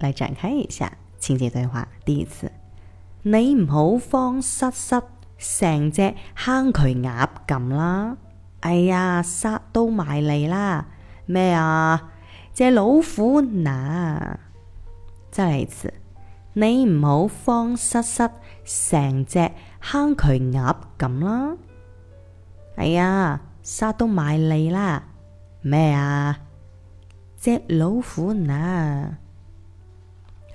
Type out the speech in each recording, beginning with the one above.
來展開一下情景對話。第一次，你唔好慌失失，成隻坑渠鴨咁啦。哎呀，殺到埋嚟啦，咩啊？隻老虎乸！再來一次，你唔好慌失失，成隻坑渠鴨咁啦。哎呀，殺到埋嚟啦，咩啊？隻老虎乸！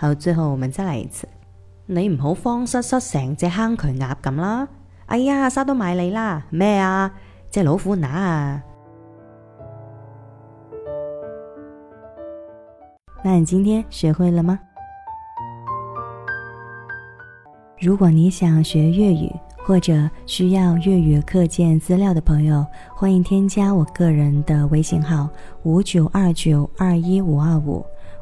好，最後，我哋再嚟一次。你唔好慌失失，成隻坑渠鴨咁啦！哎呀，殺到埋嚟啦！咩啊？隻老虎乸啊。那你今天學會了嗎？如果你想學粵語或者需要粵語課件資料的朋友，歡迎添加我個人的微信號五九二九二一五二五。